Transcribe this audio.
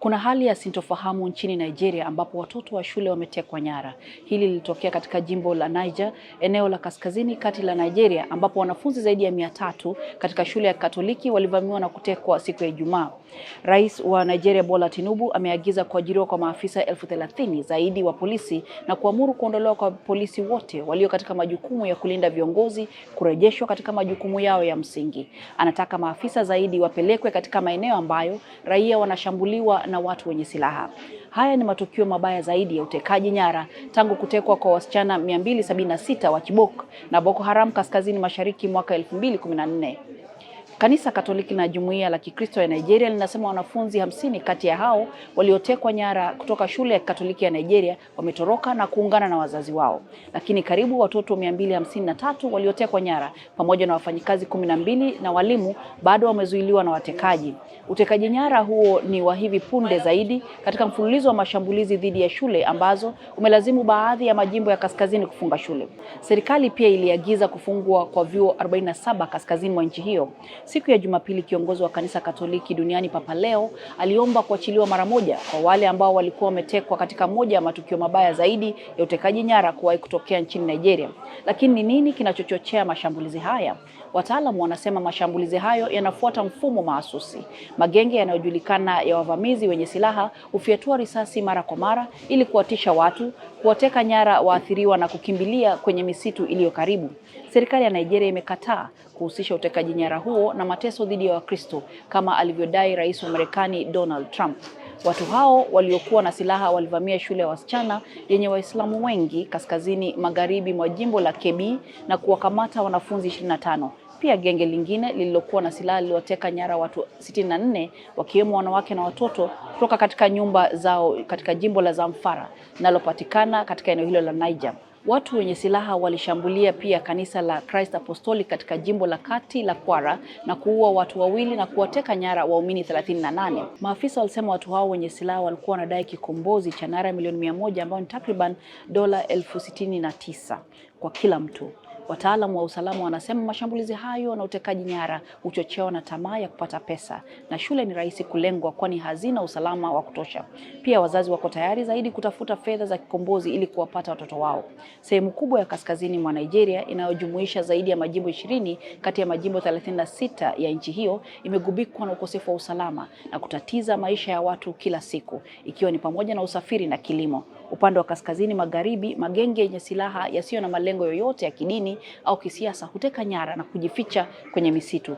Kuna hali ya sintofahamu nchini Nigeria ambapo watoto wa shule wametekwa nyara. Hili lilitokea katika jimbo la Niger, eneo la kaskazini kati la Nigeria, ambapo wanafunzi zaidi ya mia tatu katika shule ya Katoliki walivamiwa na kutekwa siku ya Ijumaa. Rais wa Nigeria Bola Tinubu ameagiza kuajiriwa kwa maafisa elfu thelathini zaidi wa polisi na kuamuru kuondolewa kwa polisi wote walio katika majukumu ya kulinda viongozi kurejeshwa katika majukumu yao ya msingi. Anataka maafisa zaidi wapelekwe katika maeneo ambayo raia wanashambuliwa na watu wenye silaha. Haya ni matukio mabaya zaidi ya utekaji nyara tangu kutekwa kwa wasichana 276 wa Kibok na Boko Haram kaskazini mashariki mwaka 2014. Kanisa Katoliki na Jumuiya la Kikristo ya Nigeria linasema wanafunzi hamsini kati ya hao waliotekwa nyara kutoka shule ya Katoliki ya Nigeria wametoroka na kuungana na wazazi wao, lakini karibu watoto tatu waliotekwa nyara pamoja na wafanyikazi kumi na mbili na walimu bado wamezuiliwa na watekaji. Utekaji nyara huo ni wa hivi punde zaidi katika mfululizo wa mashambulizi dhidi ya shule ambazo umelazimu baadhi ya majimbo ya kaskazini kufunga shule. Serikali pia iliagiza kufungwa kwa vyuo 47 kaskazini mwa nchi hiyo. Siku ya Jumapili, kiongozi wa kanisa Katoliki duniani Papa Leo aliomba kuachiliwa mara moja kwa wale ambao walikuwa wametekwa katika moja ya matukio mabaya zaidi ya utekaji nyara kuwahi kutokea nchini Nigeria. Lakini ni nini kinachochochea mashambulizi haya? Wataalamu wanasema mashambulizi hayo yanafuata mfumo maasusi Magenge yanayojulikana ya wavamizi wenye silaha hufyatua risasi mara kwa mara ili kuwatisha watu, kuwateka nyara waathiriwa na kukimbilia kwenye misitu iliyo karibu. Serikali ya Nigeria imekataa kuhusisha utekaji nyara huo na mateso dhidi ya Wakristo kama alivyodai rais wa Marekani Donald Trump. Watu hao waliokuwa na silaha walivamia shule ya wasichana yenye Waislamu wengi kaskazini magharibi mwa jimbo la Kebi na kuwakamata wanafunzi 25. Pia genge lingine lililokuwa na silaha liliwateka nyara watu 64 wakiwemo wanawake na watoto kutoka katika nyumba zao katika jimbo la Zamfara linalopatikana katika eneo hilo la Niger. Watu wenye silaha walishambulia pia kanisa la Christ Apostolic katika jimbo la kati la Kwara na kuua watu wawili na kuwateka nyara waumini 38. Maafisa walisema watu hao wenye silaha walikuwa wanadai kikombozi cha naira milioni mia moja ambayo ni takriban dola elfu sitini na tisa kwa kila mtu. Wataalamu wa usalama wanasema mashambulizi hayo na utekaji nyara huchochewa na tamaa ya kupata pesa, na shule ni rahisi kulengwa, kwani hazina usalama wa kutosha. Pia wazazi wako tayari zaidi kutafuta fedha za kikombozi ili kuwapata watoto wao. Sehemu kubwa ya kaskazini mwa Nigeria inayojumuisha zaidi ya majimbo ishirini kati ya majimbo 36 ya nchi hiyo imegubikwa na ukosefu wa usalama na kutatiza maisha ya watu kila siku, ikiwa ni pamoja na usafiri na kilimo. Upande wa kaskazini magharibi, magenge yenye silaha yasiyo na malengo yoyote ya kidini au kisiasa huteka nyara na kujificha kwenye misitu.